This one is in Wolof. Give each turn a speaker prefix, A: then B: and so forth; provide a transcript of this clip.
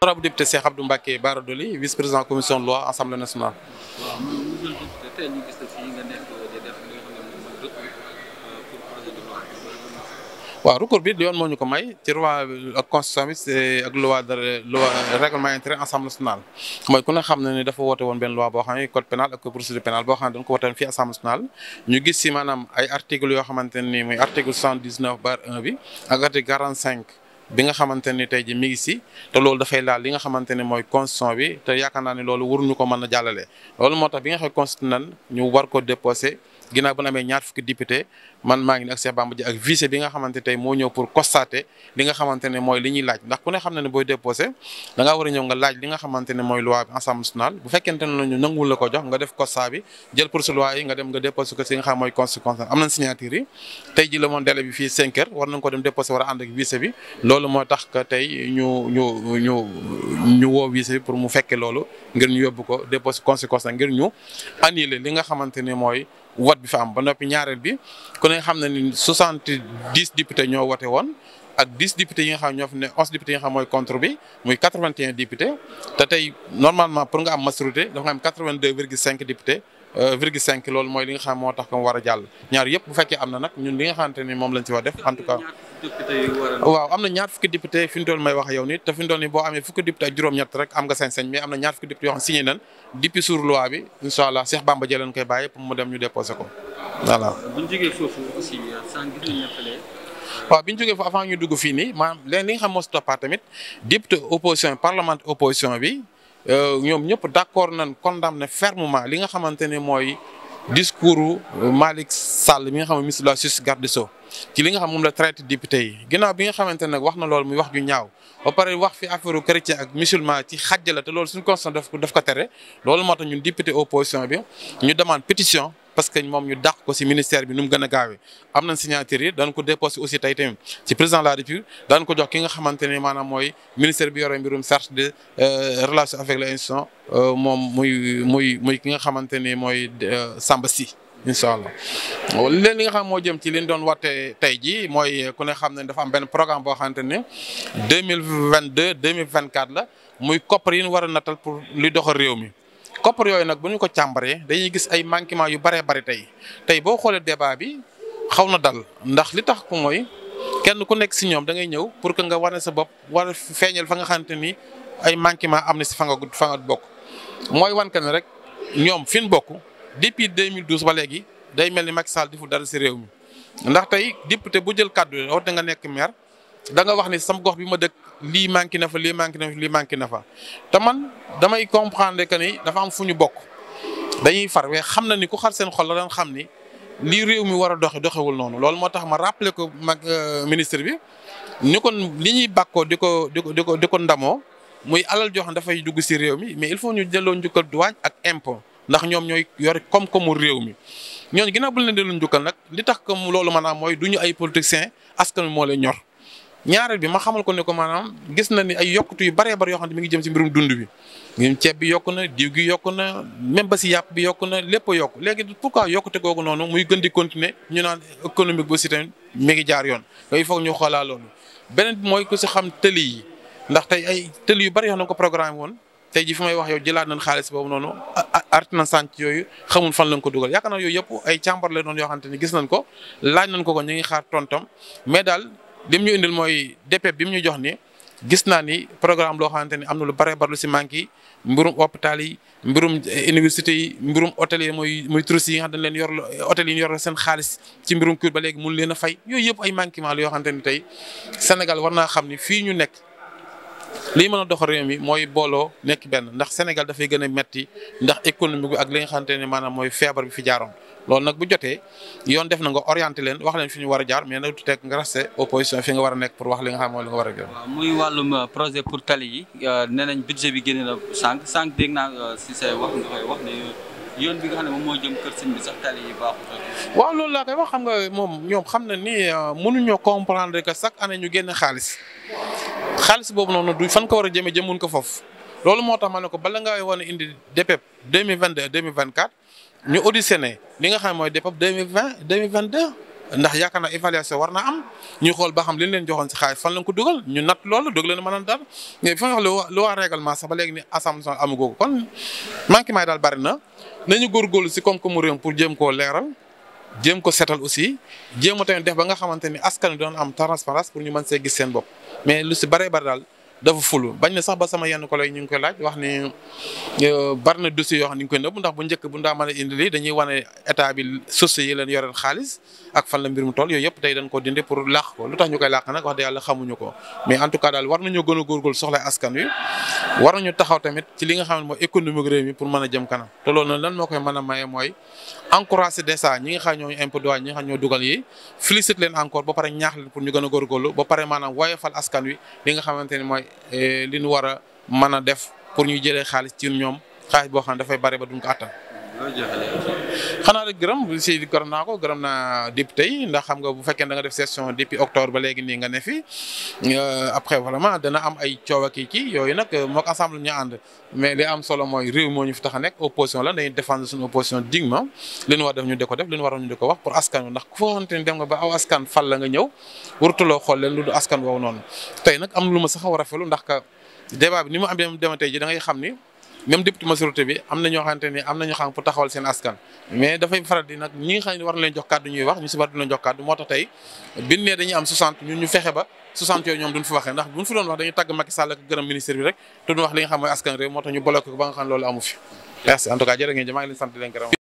A: honorable député Cheikh Abdou Mbacké Bara Dolly vice président commission de loi assemblée nationale. waaw recours bi yoon moo ñu ko may ci loi ak constitution bi ak loi de loi règlement intérieur assemblée nationale mooy ku ne xam na ne dafa woote woon benn loi boo xam ne code pénal ak procédure pénale boo xam ne ko woote woon fii assemblée nationale ñu gis si ay articles yoo xamante ne ni mooy article soixante-dix-neuf bar bi ak article quarante-cinq bi nga xamante ni tey ji mi ngi si te loolu dafay laal li nga xamante ne mooy constitution bi te yaakaar naa ne loolu waruñu ko mën a jàllale loolu moo tax bi nga xam constitution ñu war ko déposé ginnaaw bu ñu amee ñaar fukki député man maa ngi ne ak Cheikh Bamba ak vice bi nga xamante tey moo ñëw pour constater li nga ne mooy li ñuy laaj ndax ku ne xam na ne booy déposé da war a ñëw nga laaj li nga xamante ne mooy loi bi Assemblée na bu fekkente ne ñu nanguwul la ko jox nga def constat bi jël pour sa loi yi nga dem nga déposé ko si nga mooy conséquence am nañ tey ji la moon délai bi fii cinq heures war nañ ko dem déposé war a ànd ak moo tax tey ñu ñu ñu ñu woo vice pour mu fekke loolu ngir ñu yóbbu ko déposé conséquence ngir ñu annuler li nga xamante ne mooy wot bi fa am ba noppi ñaareel bi ku ne xam ne ni soixante-dix députés ñoo wote woon ak dix députés yi nga xam ñoo fi ne onze députés yi nga xam mooy contre bi muy quatre-vingt-un députés te tey normalement pour nga am majorité dafa nga am quatre-vingt-deux virgule cinq députés Euh, virgule cinq lool mooy li nga xam moo tax ko war a jàll ñaar yëpp bu fekkee am na nag ñun li nga xamante moom lañ ci war def en tout cas waaw am na ñaar fukki député fi ñu doon may wax yow nit te fi ñu doon ni boo amee fukki député ak juróom-ñett rek am nga sañ-sañ mais am na ñaar fukki député yoo xam signé nañ depuis sur bi ñu déposé ko voilà euh, ñu jógee fa avant ñu dugg fii nii maanaam leen li nga xam moo si toppaat tamit député opposition parlement opposition bi Euh, ñoom ñëpp d'accord nañ condamné fermement li nga xamante ne mooy discours Malick Sall mi nga xam ne ministre de la garde des ci li nga xam moom la traité député yi ginnaaw bi nga xamante ne nag wax na loolu muy wax ju ñaaw ba pare wax fi affaire chrétien ak musulman ci xàjj la te loolu suñu constitution daf ko daf ko tere loolu moo tax ñu député opposition bi ñu demande pétition. parce que moom ñu dàq ko si ministère bi nu mu gën a gaawee am nañ signature yi daan ko déposé aussi tey tamit ci président de la République daan ko jox ki nga xamante ne maanaam mooy ministère bi yore mbirum charge de euh, relation avec l'institution euh, moom muy muy muy ki nga xamante ne mooy euh, Samba Sy incha allah leen li nga xam moo jëm ci li ñu doon wate tey jii mooy ku ne xam ne dafa am benn programme boo xamante ne deux mille vingt deux deux mille vingt quatre la muy koppar yi ñu war a natal pour li doxal réew mi. koppar yooyu nag bu ñu ko càmbaree dañuy gis ay manquement yu baree bari tey tey boo xoolee débat bi xaw na dal ndax li tax ko mooy kenn ku nekk si ñoom da ngay ñëw pour que nga wane sa bopp wala feeñal fa nga xamante ni ay manquement am na si fa nga bokk. mooy wan ne rek ñoom fi ñu bokk mille 2012 ba léegi day mel ni Macky di fu dara si réew mi ndax tey député bu jël kàddu yi nga nekk maire da wax ni sam gox bi ma dëkk lii manqué na fa lii manqué na fa lii manqué na te man damay comprendre que ni dafa am fu ñu bokk dañuy far mais xam na ni ku xar seen xol la doon xam ni lii réew mi war a doxe doxewul noonu loolu moo tax ma rappelé ko mag euh, ministre bi ni kon li ñuy bàkkoo di ko di ko di ko di ko ndamoo muy alal joo xam dafay dugg si réew mi mais il faut ñu delloo njukkal douane ak impôt ndax ñoom ñooy yore koom-koomu réew mi. ñooñu ginnaaw bu leen delloo njukkal nag li tax que loolu maanaam mooy du ñu ay politiciens askan moo leen ñor. ñaareel bi ma xamal ko ne ko maanaam gis na ni ay yokkutu yu bare bari yoo xam ne mi ngi jëm si mbirum dund bi ñun ceeb bi yokku na diw gi yokku na même ba ci yàpp bi yokku na lépp a yokk léegi pourquoi yokkute googu noonu muy gën di continuer ñu naan économique ba ci tamit mi ngi jaar yoon il faut ñu xoolaa loolu mooy ku ci xam tëli yi ndax tey ay tëli yu bari yoo xam ko programme woon tey ji fi may wax yow jëlaat nañ xaalis boobu noonu art na sànc yooyu xamul fan lañ ko dugal yaakaar na yooyu yëpp ay càmbar la doon yoo xamante ni gis nañ ko laaj nañ ko ko ñu ngi xaar tontam mais daal lim ñu indil mooy DPP bi mu ñu jox ni gis naa ni programme loo xamante ni am na lu bare bare lu si manqué yi mbirum hôpital yi mbirum eh, université yi mbirum hôtel yi mooy mooy yi nga dañ leen yor hôtel yi ñu yor seen xaalis ci mbirum kur ba léegi mun leen a fay yooy yëpp ay manquement la yoo xamante ni tey Sénégal war naa xam ni fii ñu nekk lii mën a doxal mi mooy booloo nekk benn ndax Sénégal dafay gën a metti ndax économie bi ak li nga xamante ne maanaam mooy feebar bi fi jaaroon loolu nag bu jotee yoon def na nga orienté leen wax leen fi ñu war a jaar mais na du teg nga resté opposition fi nga war a nekk pour wax li nga xam a gëm. muy wàllum euh, projet pour tali yi euh, nee nañ budget bi génne na sànq sànq dégg naa euh, si say wax wax waaw loolu laa koy wax xam nga moom ñoom xam na ni mënuñoo comprendre que chaque année ñu génne xaalis xaalis boobu noonu du fan ko war a jëmee jëmuñ ko foof loolu moo tax ma ne ko bala ngaa woon a indi DPEP e deux mille vingt deux deux mille ñu auditionné li nga xam mooy DPEP deux mille vingt deux mille vingt ndax yaakaar naa évaluation war na am ñu xool ba xam li ñu leen joxoon si xaalis fan lañ ko dugal ñu natt loolu dugg leen mën a dal mais fi nga wax lu lu waa règlement sax ba léegi ni daal bari na nañu góorgóorlu si koom-koomu réew pour jéem koo leeral jéem ko seetal aussi jéem a def ba nga xamante ni askan wi doon am transparence pour ñu mën see gis seen bopp mais lu si baree bari daal dafa fulu bañ na sax ba sama yan yenn collègue ñu ngi koy laaj wax ni Euh, bari na dossiers yoo xam ne ñu koy nëbb ndax bu njëkk bu ndaa mën a indi lii dañuy wane état bi société yi xaalis ak fan la mbir mu tool yooyu yëpp tey dañ ko dindi pour làq ko lu tax ñu koy làq nag wax dëgg yàlla xamuñu ko mais en tout cas daal war a góorgóorlu taxaw tamit ci li nga xam ne mooy économique réew mi pour mën a jëm kana te loolu noonu lan moo koy mën a maye mooy encouragé déjà ñi nga xam ñoo impôt douane ñi nga xam ñoo dugal yi félicite leen encore ba pare ñaax leen pour ñu gën a góorgóorlu ba pare maanaam woyofal askan wi li nga xamante ne mooy euh, li ñu war a a def pour ñu jëlee xaalis ci ñoom xaalis boo xam ne dafay bare ba duñ ko attan xanaa rek gërëm si gërëm naa ko gërëm naa député yi ndax xam nga bu fekkee da nga def session depuis octobre ba léegi nii nga ne fi euh, après vraiment dana am ay coow ak kii yooyu nag euh, mook ensemble ñu solo mooy réew moo ñu fi tax a nekk opposition la dañuy défendre suñu opposition dignement li ñu def ñu di ko def li ñu waroon ñu di ko wax pour askan wi ndax ku xamante ni dem nga ba aw askan fal la nga ñëw warutuloo xool leen lu du askan woowu noonu tey nag am lu ma sax war a rafetlu ndax débat bi ni mu ni même député majorité bi am na ñoo xamante ni am na ñoo xam pour taxawal seen askan mais dafay faral di nag ñi nga xam ne war na leen jox kàddu ñuy wax ñu si war dina jox kàddu moo tax tey biñ ne dañuy am 60 ñun ñu fexe ba 60 yooyu ñoom duñ fi waxee ndax buñ fi doon wax dañuy tàgg Macky Sall ak gërëm ministre bi rek te wax li nga askan réew moo tax ñu bloqué ba nga xam loolu amu fi merci en tout cas jërë ngeen leen sant leen gërëm